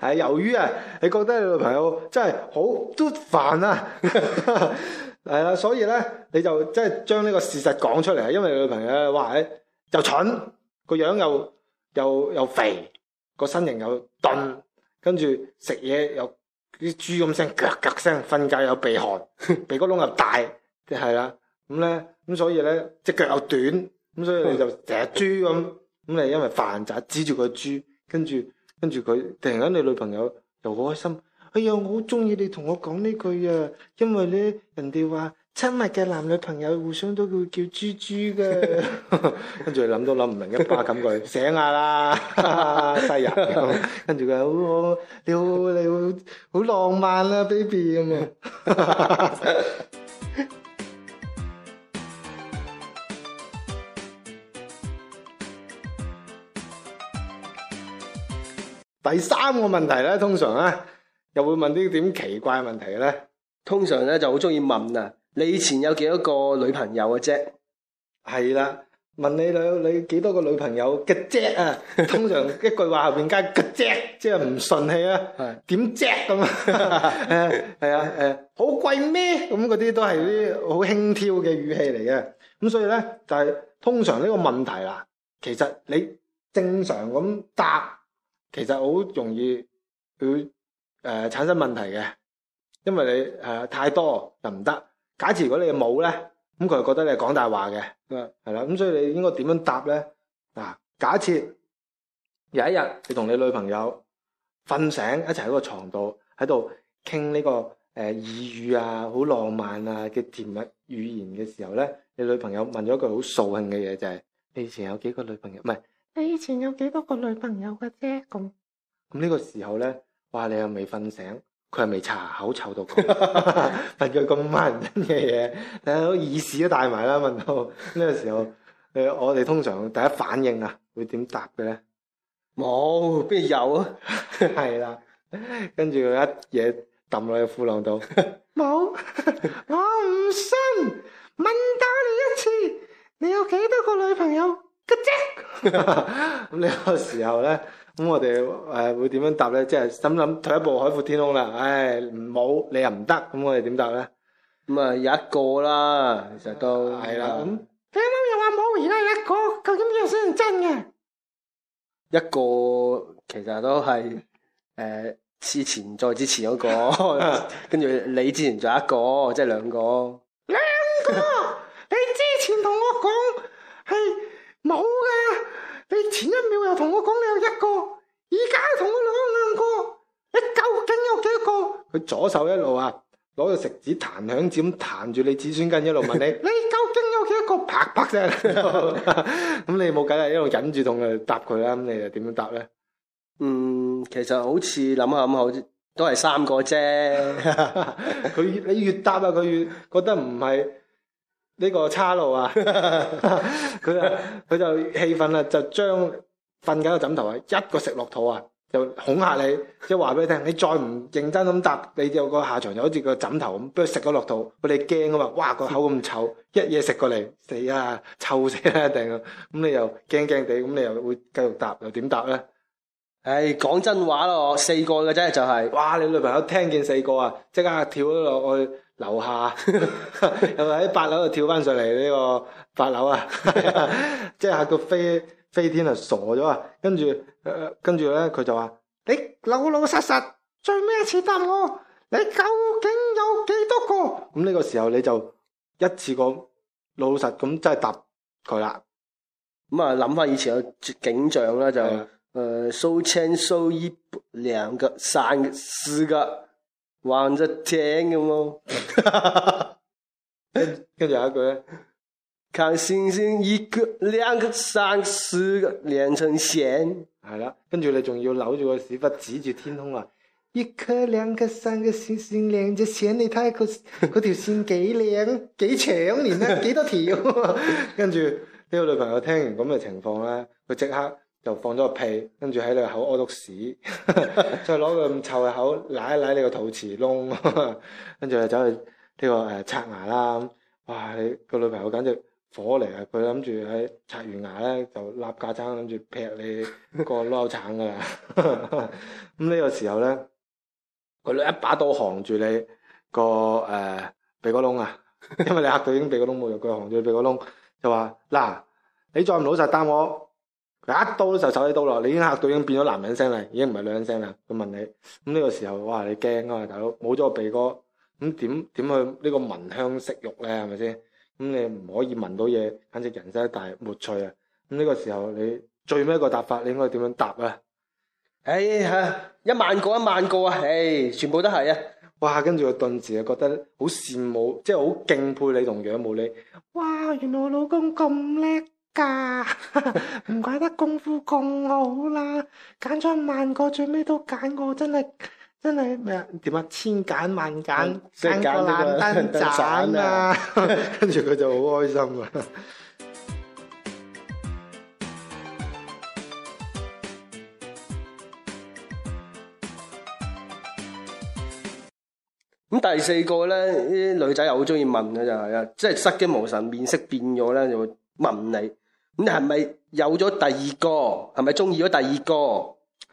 係 由於啊，你覺得你女朋友真係好都煩啊，係 啦、啊，所以咧你就即係將呢個事實講出嚟，因為你女朋友話咧又蠢，個樣又又又，又肥，個身形又鈍，跟住食嘢又啲豬咁聲，咯咯聲，瞓覺又鼻鼾，鼻哥窿又大，即係啦。咁咧，咁所以咧，隻腳又短，咁所以你就成隻豬咁，咁、嗯、你因為飯渣指住個豬，跟住跟住佢突然間，你女朋友又好開心，哎呀，我好中意你同我講呢句啊，因為咧人哋話親密嘅男女朋友互相都會叫豬豬嘅， 跟住諗都諗唔明，一巴咁佢 醒下啦，細 世人， 跟住佢他， 你好，你好，你好，好浪漫啦，baby 咁啊。Baby, 第三個問題咧，通常咧又會問啲點奇怪問題咧，通常咧就好中意問啊，你以前有幾多個女朋友嘅、啊、啫？係啦，問你兩你幾多個女朋友嘅啫啊？ 通常一句話後面加嘅啫，job, 即係唔順氣啊，點啫咁啊？係啊，誒， 好貴咩？咁嗰啲都係啲好輕佻嘅語氣嚟嘅。咁所以咧就係通常呢個問題啦，其實你正常咁答。其實好容易會誒、呃、產生問題嘅，因為你誒、呃、太多就唔得。假設如果你冇咧，咁佢又覺得你講大話嘅，係、嗯、啦。咁所以你應該點樣答咧？嗱、呃，假設有一日你同你女朋友瞓醒一齊喺個床度，喺度傾呢個誒耳語啊，好浪漫啊嘅甜蜜語言嘅時候咧，你女朋友問咗一句好掃興嘅嘢，就係、是、你以前有幾個女朋友唔係？你以前有幾多個女朋友嘅啫？咁咁呢個時候咧，哇！你又未瞓醒，佢又未查口臭到佢，問佢咁孖人真嘅嘢，睇到耳屎都帶埋啦。問到呢個時候，誒，我哋通常第一反應啊，會點答嘅咧？冇邊有啊？係啦，跟住佢一嘢抌落去褲襠度，冇，我唔信，問多你一次，你有幾多個女朋友？嘅啫，咁呢個時候咧，咁我哋誒、呃、會點樣答咧？即係諗諗退一步海闊天空啦。唉、哎，唔好你又唔得，咁我哋點答咧？咁、嗯、啊有一個啦，其實都係啦。你啱啱又話冇，而家、嗯、有，有一個，究竟樣先係真嘅？一個其實都係誒、 呃，之前再之前嗰、那個，跟 住你之前仲有一個，即係兩個。兩個。 前一秒又同我講你有一個，而家又同我兩兩個，你究竟有幾多個？佢左手一路啊，攞個食指彈響指咁彈住你子孫根，一路問你： 你究竟有幾多個？啪啪聲，咁 你冇計啦，一路忍住同佢答佢啦。咁你又點樣答咧？嗯，其實好似諗下諗下好似都係三個啫。佢 你越答啊，佢越覺得唔係。呢、這個叉路啊！佢佢就氣憤啦，就將瞓緊個枕頭啊，一個食落肚啊，就恐嚇你，即係話俾你聽，你再唔認真咁答，你有個下場就好似個枕頭咁，不如食咗落肚，佢哋驚啊嘛！哇，個口咁臭，一嘢食過嚟，死啊，臭死啦一定咁，你又驚驚地，咁你又會繼續答又點答咧？誒，講真話咯，四個嘅啫，就係哇！你女朋友聽見四個啊，即刻跳咗落去。樓下又喺 八樓度跳翻上嚟呢、這個八樓啊，即 係 個飛飛天啊傻咗啊！跟住，誒，跟住咧，佢就話：你老老實實，最尾一次答我，你究竟有幾多個？咁呢個時候你就一次過老實咁真係答佢啦。咁、嗯、啊，諗翻以前嘅景象啦就誒，三千、三一、兩、個、三、個四個。橫、啊、 着艇咁咯，跟住下一句咧，看星星，一個、兩個、三個、四個連成線，係啦。跟住你仲要扭住個屎忽指住天空啊！一個、兩個、三個星星連着線，你睇下佢條線幾靚、啊、幾長，連得幾多條。 跟住呢、呢個女朋友聽完咁嘅情況咧，佢即刻。就放咗個屁，跟住喺你個口屙督屎， 再攞、 佢咁臭嘅口舐一舐你個肚臍窿，跟住就走去呢個誒刷牙啦。哇！你個女朋友簡直火嚟啊！佢諗住喺刷完牙咧就立架撐，諗住劈你個撈鏟噶啦。咁 呢 個時候咧，佢一把刀扛住你、那個誒、呃、鼻哥窿啊，因為你嚇到已經鼻哥窿冇入，佢扛住鼻哥窿就話：嗱，你再唔老實答我！佢一刀就手起刀落，你已經嚇到已經變咗男人聲啦，已經唔係女人聲啦。佢問你，咁呢個時候，哇，你驚啊，大佬，冇咗個鼻哥，咁點點去、這個、聞呢個聞香食肉咧？係咪先？咁你唔可以聞到嘢，簡直人生一大冇趣啊！咁呢個時候你最尾一個答法，你應該點樣答啊？唉、哎、吓，一萬個一萬個啊，唉、哎，全部都係啊！哇，跟住佢頓時啊覺得好羨慕，即係好敬佩你同仰慕你。哇，原來我老公咁叻。噶 唔怪得功夫咁好啦，揀咗一萬個，最尾都揀個，真係真係咩啊？點啊？千揀萬揀、啊，揀個爛燈盞啊！ 跟住佢就好開心啊！咁第四個咧，啲女仔又好中意問嘅就係啊，即係失驚無神，面色變咗咧，就會問你。咁你係咪有咗第二個？係咪中意咗第二個？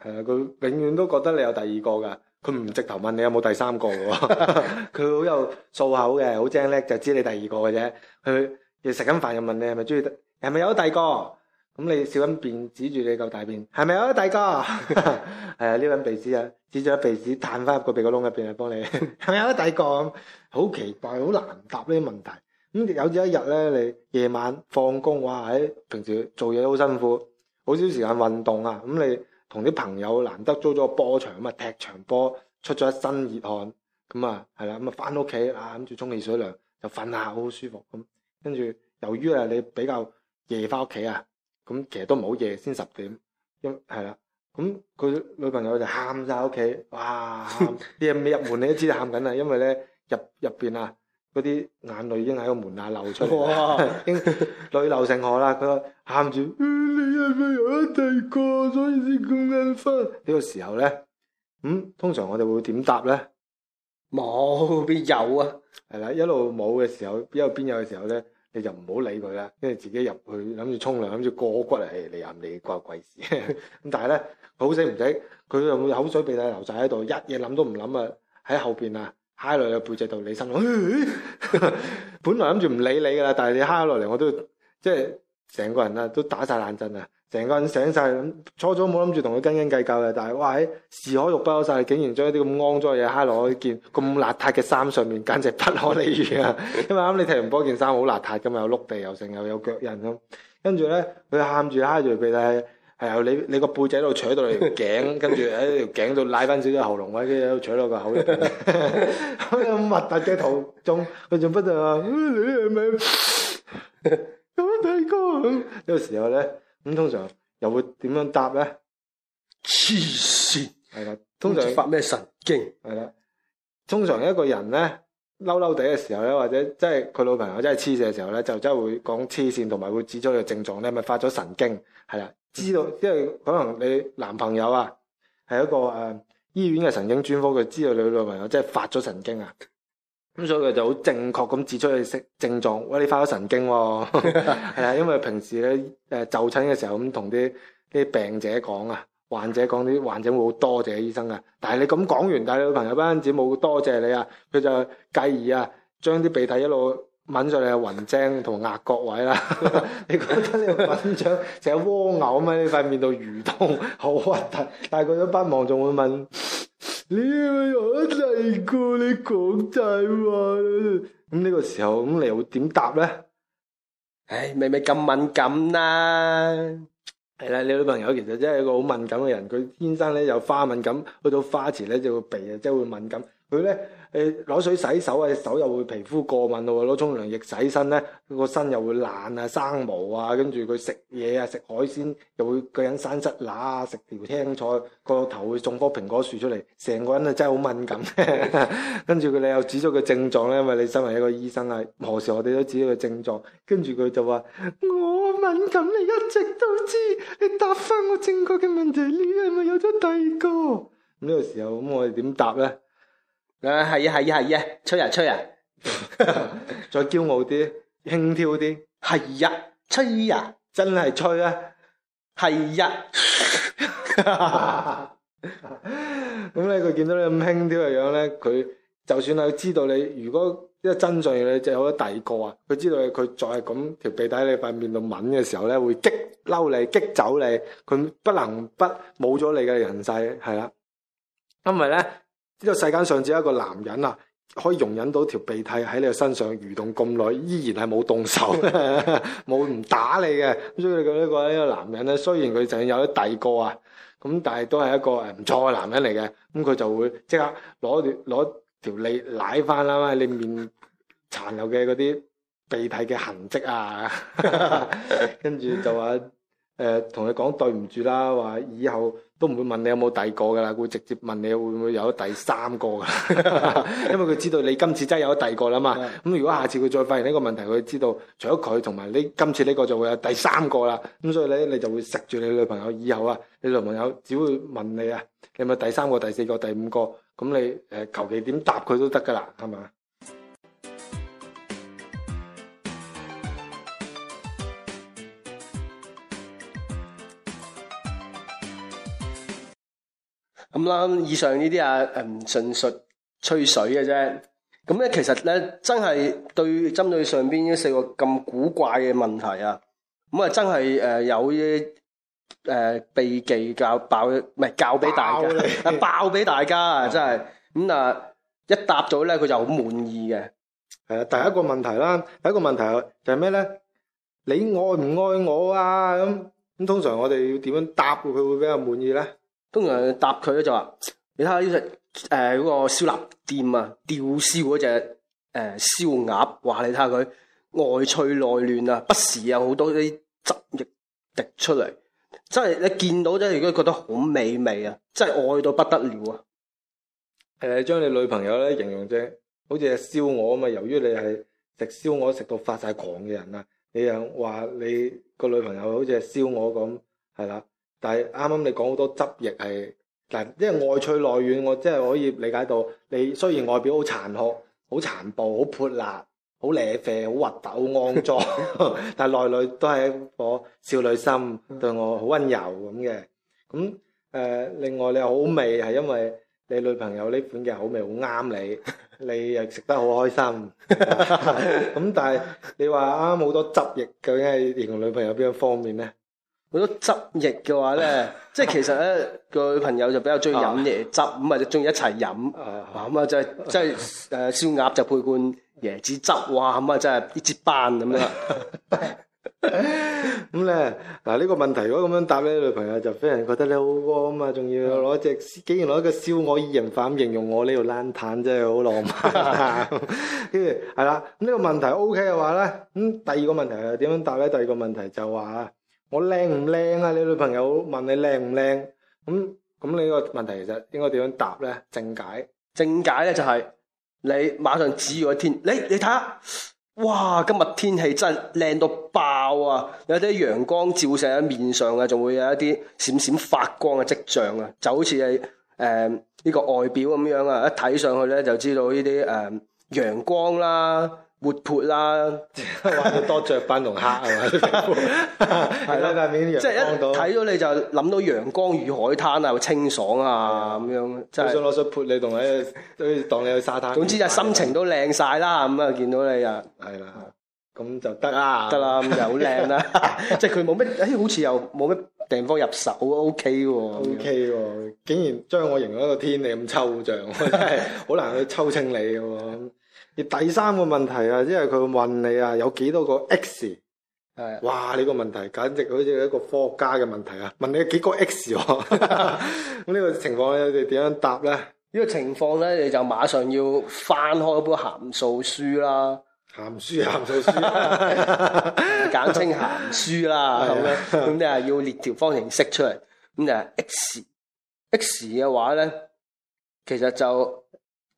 係啊，佢永遠都覺得你有第二個噶，佢唔直頭問你有冇第三個噶。佢 好有數口嘅，好精叻，就知你第二個嘅啫。佢又食緊飯又問你係咪中意，係咪有咗第二個？咁你小緊便指住你嚿大便，係咪有得第二個？係 啊，撩緊鼻子啊，指住個鼻子，彈翻入個鼻哥窿入邊啊，幫你係咪有得第二個？好奇怪，好難答呢啲問題。咁有咗一日咧，你夜晚放工，哇！喺平時做嘢都好辛苦，好少時間運動啊。咁你同啲朋友難得租咗個波場，咁啊踢場波，出咗一身熱汗，咁啊係啦，咁啊翻屋企啊，諗住沖汽水涼，就瞓下，好舒服咁。跟住由於啊，你比較夜翻屋企啊，咁其實都唔好夜，先十點，因係啦。咁佢女朋友就喊晒屋企，哇！你未入門你都知喊緊啊，因為咧入入邊啊。嗰啲眼淚已經喺個門下流出嚟，已經淚流成河啦。佢喊住：你係咪有啲過，所以先咁眼花？呢個時候咧，咁通常我哋會點答咧？冇邊有啊？係啦，一路冇嘅時候，一路邊有嘅時候咧，你就唔好理佢啦，跟住自己入去諗住沖涼，諗住過骨嚟嚟，喊你關鬼事。咁但係咧，好死唔死，佢又會口水鼻涕流晒喺度，一嘢諗都唔諗啊，喺後邊啊。嗨落去背脊度，到你心，哎，本來諗住唔理你噶啦，但係你嗨落嚟，我都即係成個人啊，都打晒冷震啊，成個人醒晒。初初冇諗住同佢斤斤計較嘅，但係哇，係事可欲不可晒，竟然將一啲咁骯髒嘅嘢嗨落去件咁邋遢嘅衫上面，簡直不可理喻啊！因為啱你踢完波，件衫好邋遢，咁啊又碌地，又成又有腳印咁，跟住咧佢喊住嗨住背，但係啊，你你個背仔喺度扯到條頸，跟住喺條頸度拉翻少少喉嚨位，跟住喺度扯到個口入邊，咁核突嘅圖仲佢仲乜嘢啊？你係咪有咁睇過？呢個時候咧，咁通常又會點樣答咧？黐線係啦，通常發咩神經係啦？通常一個人咧。嬲嬲地嘅時候咧，或者即係佢女朋友真係黐線嘅時候咧，就真係會講黐線，同埋會指出佢症狀咧，咪發咗神經係啦。知道，因為可能你男朋友啊，係一個誒、呃、醫院嘅神經專科，佢知道你女朋友真係發咗神經啊。咁所以佢就好正確咁指出佢症症狀，喂，你發咗神經喎、哦，係 啊，因為平時咧誒就診嘅時候咁同啲啲病者講啊。患者講啲，患者會好多謝醫生啊，但係你咁講完，但係你女朋友班子冇多謝你啊，佢就繼而啊，將啲鼻涕一路揾上嘅暈章同額角位啦。 你覺得你揾上成隻蝸牛咩？你塊面度蠕動，好核突。但係佢一班望仲會問： 你要我嚟過？你講大話咁呢個時候咁，你會點答咧？唉、哎，咪咪咁敏感啦～係啦，你女朋友其實真係一個好敏感嘅人，佢天生咧有花敏感，去到花池咧就會鼻啊，即係會敏感，佢咧。誒，攞水洗手啊，手又會皮膚過敏喎；攞沖涼液洗身咧，佢個身又會爛啊，生毛啊。跟住佢食嘢啊，食海鮮又會，人會個，個人生虱乸啊，食條青菜個頭會種棵蘋果樹出嚟，成個人啊真係好敏感。跟住佢你又指咗個症狀咧，因為你身為一個醫生啊，何時我哋都指咗個症狀。跟住佢就話：我敏感，你一直都知。你答翻我正確嘅問題，你係咪有咗第二個？咁、這、呢個時候，咁我哋點答咧？誒、啊，係呀、啊，係呀、啊，係呀、啊，吹呀、啊，吹呀，再驕傲啲，輕佻啲，係呀，吹呀，真係吹啊，係 呀，咁咧佢見到你咁輕佻嘅樣咧，佢就算係知道你，如果一真相咧，你就有咗第二個啊，佢知道你，佢再咁條鼻底你塊面度吻嘅時候咧，會激嬲你，激走你，佢不能不冇咗你嘅人世，係啦、啊，因為咧。呢、這個世間上只有一個男人啊，可以容忍到條鼻涕喺你嘅身上蠕動咁耐，依然係冇動手，冇唔打你嘅。所以佢呢個呢個男人咧，雖然佢就係有一第二個啊，咁但係都係一個誒唔錯嘅男人嚟嘅。咁、嗯、佢就會即刻攞住攞條脷舐翻啦，你面殘留嘅嗰啲鼻涕嘅痕迹啊，呵呵，跟住就話誒同你講對唔住啦，話以後。都唔會問你有冇第二個㗎啦，佢會直接問你會唔會有第三個㗎？ 因為佢知道你今次真係有第二個啦嘛。咁如果下次佢再發現呢個問題，佢知道除咗佢同埋你今次呢個就會有第三個啦。咁所以咧，你就會食住你女朋友以後啊，你女朋友只會問你啊，你係咪第三個、第四個、第五個？咁你誒求其點答佢都得㗎啦，係嘛？咁啦，以上呢啲啊，嗯，純屬吹水嘅啫。咁咧，其實咧，真係對針對上邊呢四個咁古怪嘅問題啊，咁啊，真係誒有啲誒秘技教爆，唔係教俾大，爆俾大家啊！真係咁啊，一答咗咧，佢就好滿意嘅。係啊，第一個問題啦，第一個問題就係咩咧？你愛唔愛我啊？咁咁通常我哋要點樣答佢，會比較滿意咧？通常答佢咧就話，你睇下呢隻誒嗰、呃嗰個燒臘店啊，吊燒嗰隻誒、呃、燒鴨，話，你睇下佢外脆內嫩啊，不時有好多啲汁液滴出嚟，真係你見到真係如果你覺得好美味啊，真係愛到不得了啊！誒，將你女朋友咧形容啫，好似隻燒鵝啊嘛，由於你係食燒鵝食到發晒狂嘅人啊，你又話你個女朋友好似隻燒鵝咁，係啦。但係啱啱你講好多汁液係嗱，因為外脆內軟，我真係可以理解到你雖然外表好殘酷、好殘暴、好潑辣、好咧啡、好核突、好骯髒， 但係內裏都係一個少女心，對我好溫柔咁嘅。咁誒、呃，另外你好味係因為你女朋友呢款嘅好味好啱你，你又食得好開心。咁 但係你話啱啱好多汁液，究竟係形容女朋友邊一方面咧？好多汁液嘅話咧， 即係其實咧 個女朋友就比較中意飲椰汁，唔 係就中意一齊飲。咁 啊、嗯，就係即係誒，燒鴨就配罐椰子汁，哇、嗯！咁、就、啊、是，真係一節班咁啦。咁咧，嗱呢個問題如果咁樣答咧，呢 個女朋友就非常覺得你好窩咁啊，仲要攞隻 竟然攞一個燒鵝二人飯形容我呢條爛淡， 真係好浪漫。跟住係啦，咁呢、這個問題 OK 嘅話咧，咁、嗯、第二個問題係點樣答咧？第二個問題就話。我靚唔靚啊？你女朋友問你靚唔靚？咁咁你個問題其實應該點樣答咧？正解正解咧就係、是、你馬上指住個天，你你睇下，哇！今日天，天氣真係靚到爆啊！有啲陽光照射喺面上啊，仲會有一啲閃閃發光嘅跡象啊！就好似係誒呢個外表咁樣啊，一睇上去咧就知道呢啲誒陽光啦。活潑啦、啊，或 者多雀斑同黑係、啊、啦， 即係一睇到你就諗到陽光與海灘啊，又清爽啊咁、嗯、樣。我想攞出潑你，同喺，當你去沙灘。總之就心情都靚晒啦，咁 啊見到你啊，係啦，咁、嗯、就得啦，得啦，咁就好靚啦。漂 即係佢冇咩，好似又冇咩地方入手，OK 喎、啊，OK 喎、啊，竟然將我形容一個天，你咁抽象，真係好難去抽清你喎、啊。第三個問題啊，因為佢問你啊，有幾多個 x？係哇，呢個問題簡直好似一個科學家嘅問題啊！問你幾個 x？咁 呢 個情況你哋點樣答咧？呢、這個情況咧，你就馬上要翻開一本函數書啦。函書函數書，書書 簡稱函書啦。咁咧，咁你係要列條方程式出嚟。咁就 x x 嘅話咧，其實就。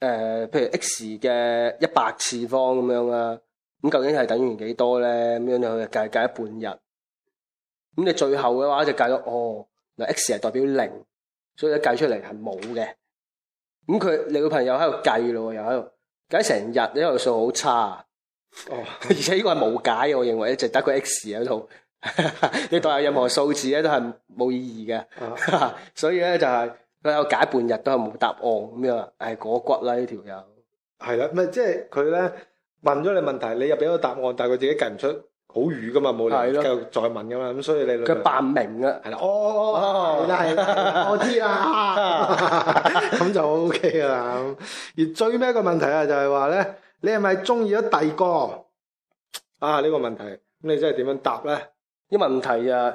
誒、呃，譬如 x 嘅一百次方咁樣啦，咁究竟係等於幾多咧？咁樣你去計計一半日，咁你最後嘅話就計到哦，嗱 x 係代表零，所以一計出嚟係冇嘅。咁佢你個朋友喺度計咯，又喺度計成日，呢個數好差。哦，0, oh. 而且呢個係冇解，我認為一直得個 x 喺度， 你代入任何數字咧都係冇意義嘅。Oh. 所以咧就係、是。佢有解半日都係冇答案咁樣，係果骨啦呢條友，係啦，唔係即係佢咧問咗你問題，你又俾個答案，但係佢自己計唔出，好愚噶嘛，冇理由，繼續再問噶嘛，咁所以你佢扮明啊，係啦，哦，係、哦哦、 我知啦，咁 就 O K 啦。而最尾一個問題啊，就係話咧，你係咪中意咗第二個啊？呢、這個問題，咁你真係點樣答咧？啲問題啊，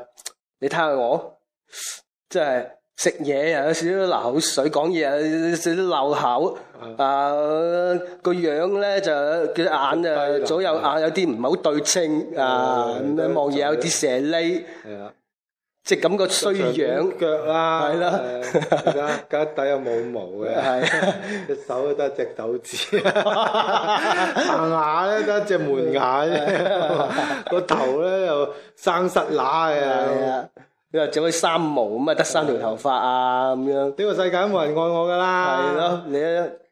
你睇下我，即係。食嘢呀，有少少流口水，講嘢有少少漏口。啊，個、呃、樣咧就隻眼就左右眼有啲唔係好對稱，呃對呃、啊，望嘢有啲蛇喱。係啊，即係咁個衰樣，腳呀，係咯，腳底又冇毛嘅， 隻手都得一隻手指，牙咧得一隻門牙啫，個 頭咧又生塞乸嘅。你又做啲三毛咁啊，得三條頭髮啊咁樣？呢個世界冇人愛我噶啦，係咯？你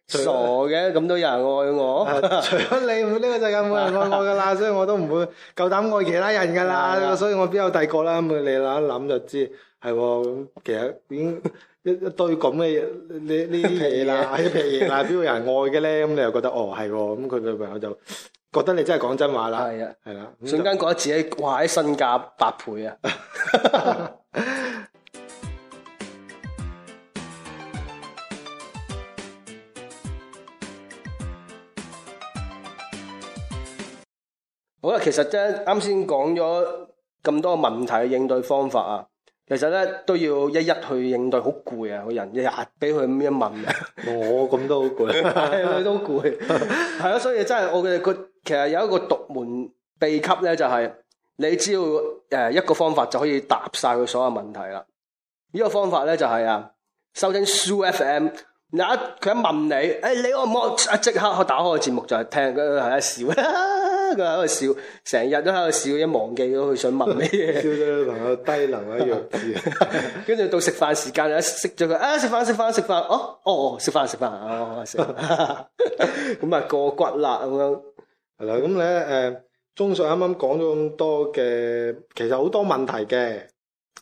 傻嘅，咁都有人愛我。除咗你，呢個世界冇人愛我噶啦，所以我都唔會夠膽愛其他人噶啦。所以我邊有第二個啦？咁你諗一諗就知係。咁其實已經一一堆咁嘅嘢，你呢啲嘢啦，一撇嘢啦，邊有人愛嘅咧？咁你又覺得哦，係咁佢女朋友就。覺得你真係講真話啦，係啊，係啦，瞬間覺得自己哇喺身價百倍啊！ 好啦，其實即係啱先講咗咁多問題嘅應對方法啊，其實咧都要一一去應對，好攰啊，個人日日俾佢咩問啊，我咁 都好攰，佢都攰，係啊，所以真係我嘅其實有一個獨門秘笈咧，就係你只要誒一個方法就可以答晒佢所有問題啦。呢個方法咧就係啊，收聽 Soo FM。嗱佢一問你，誒、哎、你我唔我一即刻開打開個節目就係聽，佢喺度笑，佢喺度笑，成日都喺度笑，一忘記咗佢想問咩嘢。笑到你朋友低能一樣，跟 住到食飯時間，一識咗佢啊食飯食飯食飯哦哦食飯食飯哦食咁啊過骨啦咁樣。咁咧誒，鍾 sir 啱啱講咗咁多嘅，其實好多問題嘅。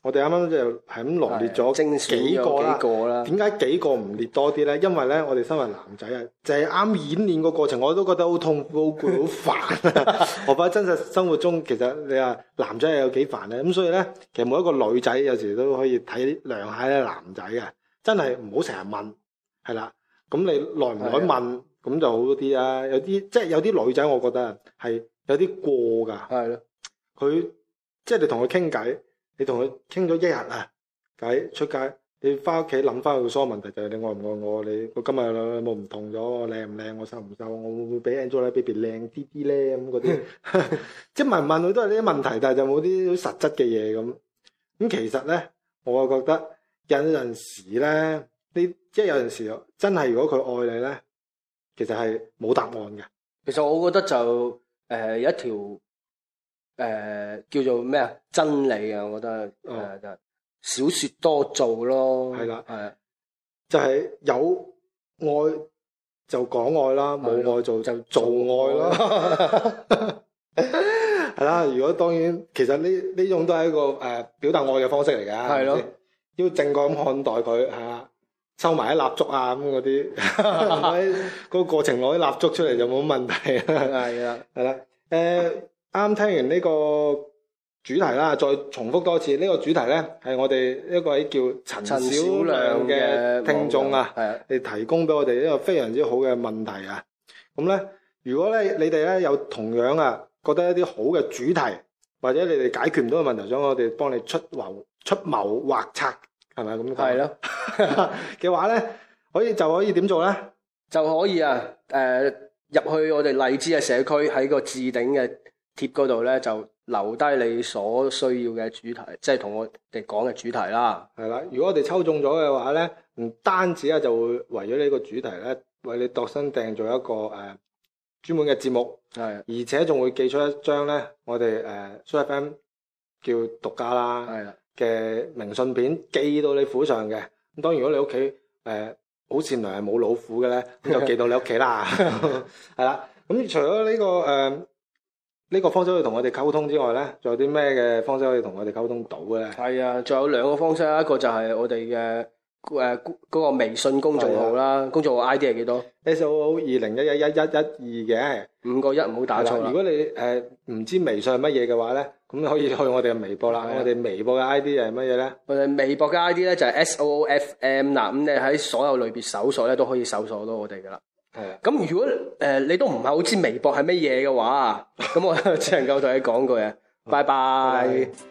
我哋啱啱就係咁羅列咗幾個幾個啦。點解幾個唔列多啲咧？因為咧，我哋身為男仔啊，就係、是、啱演練個過程，我都覺得好痛苦、好攰、好煩啊！ 我覺得真實生活中，其實你話男仔又有幾煩咧？咁、嗯、所以咧，其實每一個女仔有時都可以睇量下咧男仔嘅，真係唔好成日問，係啦。咁你耐唔耐問？咁就好啲啦。有啲即係有啲女仔，我覺得係有啲過噶。係咯，佢即係你同佢傾偈，你同佢傾咗一日啊，偈出街，你翻屋企諗翻佢所有問題，就係你愛唔愛我？你我今日有冇唔痛咗？我靚唔靚？我瘦唔瘦？我會唔會比 Angelababy 靚啲啲咧？咁嗰啲，即係問問佢都係呢啲問題，但係就冇啲好實質嘅嘢咁。咁其實咧，我覺得有陣時咧，你即係有陣時真係如果佢愛你咧。其實係冇答案嘅。其實我覺得就誒有、呃、一條誒、呃、叫做咩啊真理啊，我覺得。係就少說多做咯。係啦。係。就係、是、有愛就講愛啦，冇愛做就做愛咯。係啦。 如果當然，其實呢呢種都係一個誒、呃、表達愛嘅方式嚟噶。係咯。要正確咁看待佢，收埋啲蠟燭啊，咁嗰啲，嗰 個過程攞啲蠟燭出嚟就冇問題。係 啦，係啦。誒、呃，啱聽完呢個主題啦，再重複多次。呢、這個主題咧係我哋一位叫陳小亮嘅聽眾啊，你提供俾我哋一個非常之好嘅問題啊。咁咧，如果咧你哋咧有同樣啊覺得一啲好嘅主題，或者你哋解決唔到嘅問題，想我哋幫你出謀出謀劃策。係咪咁啊？咁嘅 話咧，可以就可以點做咧？就可以啊！誒、呃，入去我哋荔枝嘅社區喺個置頂嘅貼嗰度咧，就留低你所需要嘅主題，即係同我哋講嘅主題啦。係啦，如果我哋抽中咗嘅話咧，唔單止啊，就會為咗呢個主題咧，為你度身訂做一個誒、呃、專門嘅節目。係，而且仲會寄出一張咧，我哋誒 SooFM 叫獨家啦。係嘅明信片寄到你府上嘅，咁當然如果你屋企誒好善良係冇老虎嘅咧，咁就寄到你屋企啦，係 啦。 咁、嗯、除咗呢、呢個誒呢、呃呢個方式可以同我哋溝通之外咧，仲有啲咩嘅方式可以同我哋溝通到嘅咧？係啊，仲有兩個方式啦，一個就係我哋嘅誒嗰個微信公眾號啦，公眾號 ID 係幾多？S O O 二零一一一一一二嘅五個一，唔好打錯。如果你誒唔、呃、知微信係乜嘢嘅話咧？咁可以去我哋嘅微博啦，我哋微博嘅 I D 係乜嘢咧？我哋微博嘅 I D 咧就係 S O O F M 嗱，咁你喺所有類別搜索咧都可以搜索到我哋噶啦。係啊，咁如果誒你都唔係好知微博係乜嘢嘅話，咁 我只能夠同你講句啊，拜 拜。Bye bye。